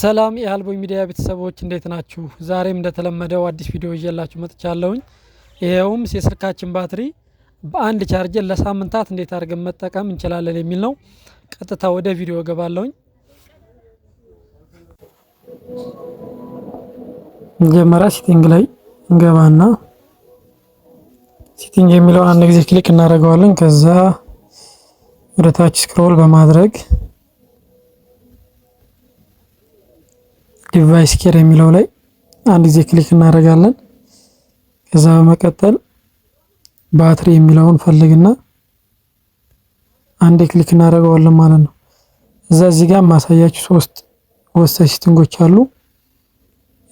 ሰላም የአልቦኝ ሚዲያ ቤተሰቦች እንዴት ናችሁ? ዛሬም እንደተለመደው አዲስ ቪዲዮ ይዤላችሁ መጥቻለሁኝ። ይኸውም የስልካችን ባትሪ በአንድ ቻርጀር ለሳምንታት እንዴት አድርገን መጠቀም እንችላለን የሚል ነው። ቀጥታ ወደ ቪዲዮ እገባለሁኝ። መጀመሪያ ሲቲንግ ላይ እንገባና ሲቲንግ የሚለውን አንድ ጊዜ ክሊክ እናደርገዋለን። ከዛ ወደ ታች ስክሮል በማድረግ ዲቫይስ ኬር የሚለው ላይ አንድ ጊዜ ክሊክ እናደርጋለን። ከዛ በመቀጠል ባትሪ የሚለውን ፈልግና አንዴ ክሊክ እናደርገዋለን ማለት ነው። እዛ እዚህ ጋር ማሳያችሁ ሶስት ወሳኝ ሴቲንጎች አሉ።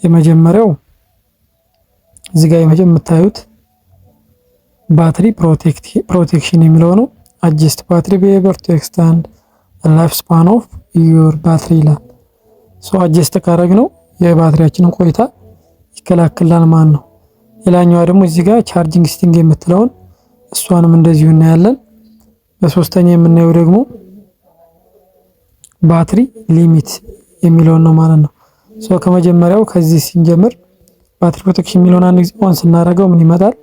የመጀመሪያው እዚህ ጋር የምታዩት ባትሪ ፕሮቴክሽን የሚለው ነው። አጅስት ባትሪ ቢሄቨር ቱ ኤክስታንድ ላይፍ ስፓን ኦፍ ዩር ባትሪ ይላል። ሰው አጀስት ካረግ ነው የባትሪያችንን ቆይታ ይከላከላል ማለት ነው። ሌላኛዋ ደግሞ እዚህ ጋር ቻርጂንግ ስቲንግ የምትለውን እሷንም እንደዚሁ እናያለን። በሶስተኛ የምናየው ደግሞ ባትሪ ሊሚት የሚለውን ነው ማለት ነው። ከመጀመሪያው ከዚህ ስንጀምር ባትሪ ፕሮቴክሽን የሚለውን አንድ ጊዜ ኦን ስናደርገው ምን ይመጣል?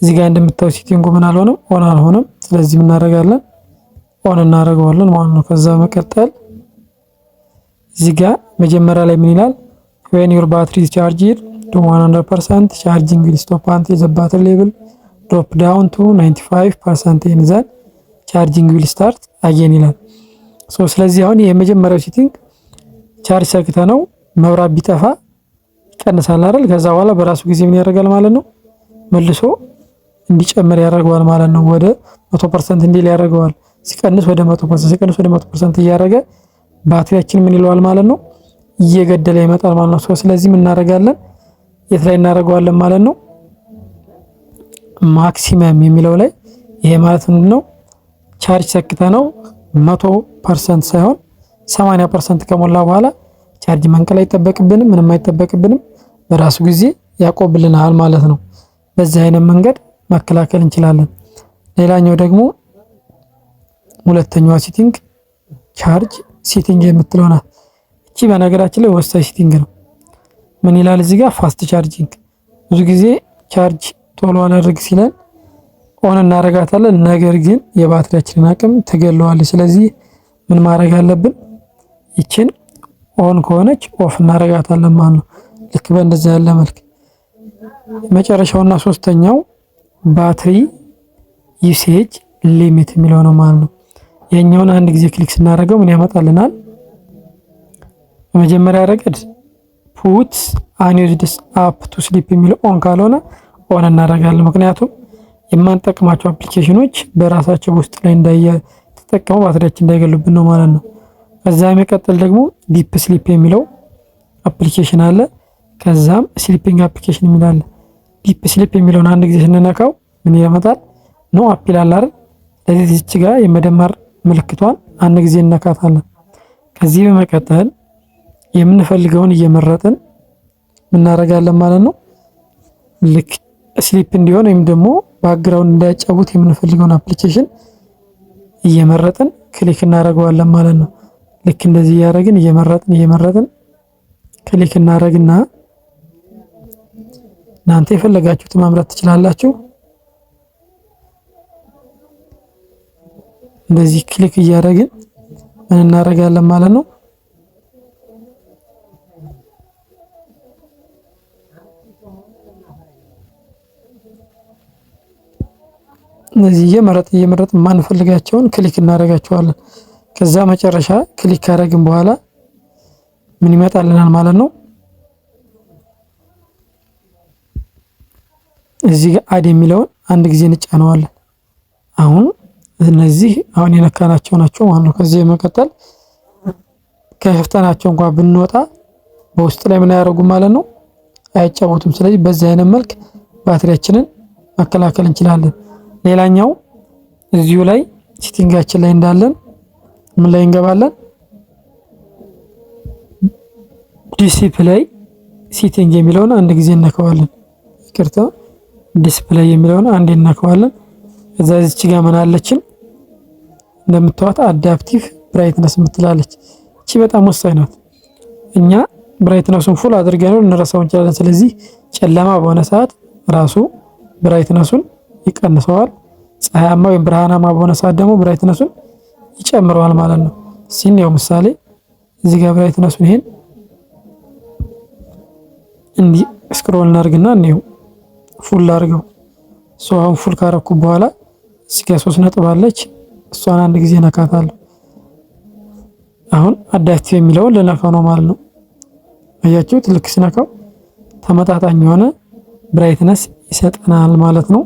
እዚህ ጋር እንደምታዩ ሲቲንጉ ምን አልሆነም፣ ኦን አልሆነም። ስለዚህ ምን እናደርጋለን? ኦን እናደርገዋለን ማለት ነው። ከዛ መቀጠል እዚህ ጋር መጀመሪያ ላይ ምን ይላል? ዌን ዩር ባትሪ ኢዝ ቻርጅድ ቱ 100% ቻርጂንግ ዊል ስቶፕ አንቲል ዘ ባትሪ ሌቭል ድሮፕ ዳውን ቱ 95% ኤንድ ዘን ቻርጂንግ ዊል ስታርት አጌን ይላል። ሶ ስለዚህ አሁን የመጀመሪያው ሴቲንግ ቻርጅ ሰክተ ነው መብራት ቢጠፋ ይቀንሳል አይደል? ከዛ በኋላ በራሱ ጊዜ ምን ያደርጋል ማለት ነው መልሶ እንዲጨምር ያደርገዋል ማለት ነው። ወደ 100% እንዲል ያደርገዋል። ሲቀንስ ወደ 100% ሲቀንስ ወደ 100% እያደረገ ባትሪያችን ምን ይለዋል ማለት ነው እየገደለ ይመጣል ማለት ነው። ስለዚህ ምን እናደርጋለን? የት ላይ እናደርገዋለን ማለት ነው ማክሲመም የሚለው ላይ ይሄ ማለት ምንድነው? ቻርጅ ሰክተ ነው መቶ ፐርሰንት ሳይሆን ሰማንያ ፐርሰንት ከሞላ በኋላ ቻርጅ መንቀል አይጠበቅብንም፣ ምንም አይጠበቅብንም። በራሱ ጊዜ ያቆብልናል ማለት ነው። በዚህ አይነት መንገድ መከላከል እንችላለን። ሌላኛው ደግሞ ሁለተኛዋ ሲቲንግ ቻርጅ ሲቲንግ የምትለው ናት። እቺ በነገራችን ላይ ወሳኝ ሲቲንግ ነው። ምን ይላል እዚህ ጋር ፋስት ቻርጂንግ። ብዙ ጊዜ ቻርጅ ቶሎ አላደርግ ሲለን ኦን እናደርጋታለን። ነገር ግን የባትሪያችንን አቅም ትገለዋለች። ስለዚህ ምን ማድረግ አለብን? ይችን ኦን ከሆነች ኦፍ እናረጋታለን ማለት ነው። ልክ በእንደዛ ያለ መልክ መጨረሻውና ሶስተኛው ባትሪ ዩሴጅ ሊሚት የሚለው ነው ማለት ነው። የኛውን አንድ ጊዜ ክሊክ ስናደርገው ምን ያመጣልናል? በመጀመሪያ ረገድ ፑት አንዩዝድስ አፕ ቱ ስሊፕ የሚል ኦን ካልሆነ ኦን እናደርጋለን። ምክንያቱም የማንጠቅማቸው አፕሊኬሽኖች በራሳቸው ውስጥ ላይ እንዳየተጠቀሙ ባትሪያችን እንዳይገሉብን ነው ማለት ነው። ከዛ የሚቀጥል ደግሞ ዲፕ ስሊፕ የሚለው አፕሊኬሽን አለ። ከዛም ስሊፒንግ አፕሊኬሽን የሚል አለ። ዲፕ ስሊፕ የሚለውን አንድ ጊዜ ስንነካው ምን ያመጣል? ኖ አፕ ይላል አይደል? ለዚህ እዚች ጋር የመደመር ምልክቷን አንድ ጊዜ እነካታለን። ከዚህ በመቀጠል የምንፈልገውን እየመረጥን ምናደርጋለን ማለት ነው። ልክ ስሊፕ እንዲሆን ወይም ደግሞ ባክግራውንድ እንዳያጫውት የምንፈልገውን አፕሊኬሽን እየመረጥን ክሊክ እናደርገዋለን ማለት ነው። ልክ እንደዚህ እያደረግን እየመረጥን እየመረጥን ክሊክ እናደርግና እናንተ የፈለጋችሁት ማምረት ትችላላችሁ። እንደዚህ ክሊክ እያደረግን ምን እናደርጋለን ማለት ነው። እነዚህ እየመረጥ እየመረጥ ማንፈልጋቸውን ክሊክ እናደርጋቸዋለን። ከዛ መጨረሻ ክሊክ ካደረግን በኋላ ምን ይመጣልናል ማለት ነው። እዚህ ጋር አድ የሚለውን አንድ ጊዜ እንጫነዋለን አሁን እነዚህ አሁን የነካናቸው ናቸው ማለት ነው። ከዚህ በመቀጠል ከፍተናቸው እንኳን ብንወጣ በውስጥ ላይ ምን አያደርጉም ማለት ነው፣ አይጫወቱም። ስለዚህ በዚህ አይነት መልክ ባትሪያችንን መከላከል እንችላለን። ሌላኛው እዚሁ ላይ ሲቲንጋችን ላይ እንዳለን ምን ላይ እንገባለን? ዲስፕሌይ ሲቲንግ የሚለውን አንድ ጊዜ እነከዋለን። ይቅርታ ዲስፕሌይ የሚለውን አንድ እነከዋለን። እዛ እዚች ጋር ምን አለችን? እንደምትዋት አዳፕቲቭ ብራይትነስ የምትላለች እቺ በጣም ወሳኝ ናት። እኛ ብራይትነሱን ፉል አድርገን ልንረሳው እንችላለን። ስለዚህ ጨለማ በሆነ ሰዓት ራሱ ብራይትነሱን ይቀንሰዋል። ፀሐያማ ወይም ብርሃናማ በሆነ ሰዓት ደግሞ ብራይትነሱን ይጨምረዋል ማለት ነው። ሲን ያው ምሳሌ እዚህ ጋር ብራይትነሱን ይሄን እንዲህ ስክሮል እናርግና እንዲሁ ፉል አድርገው። ሶ አሁን ፉል ካረኩ በኋላ እዚህ ጋር ሶስት ነጥብ አለች። እሷን አንድ ጊዜ ነካታለሁ። አሁን አዳቼ የሚለውን ልነፋ ነው ማለት ነው። አያችሁት? ልክ ነካው ተመጣጣኝ የሆነ ብራይትነስ ይሰጠናል ማለት ነው።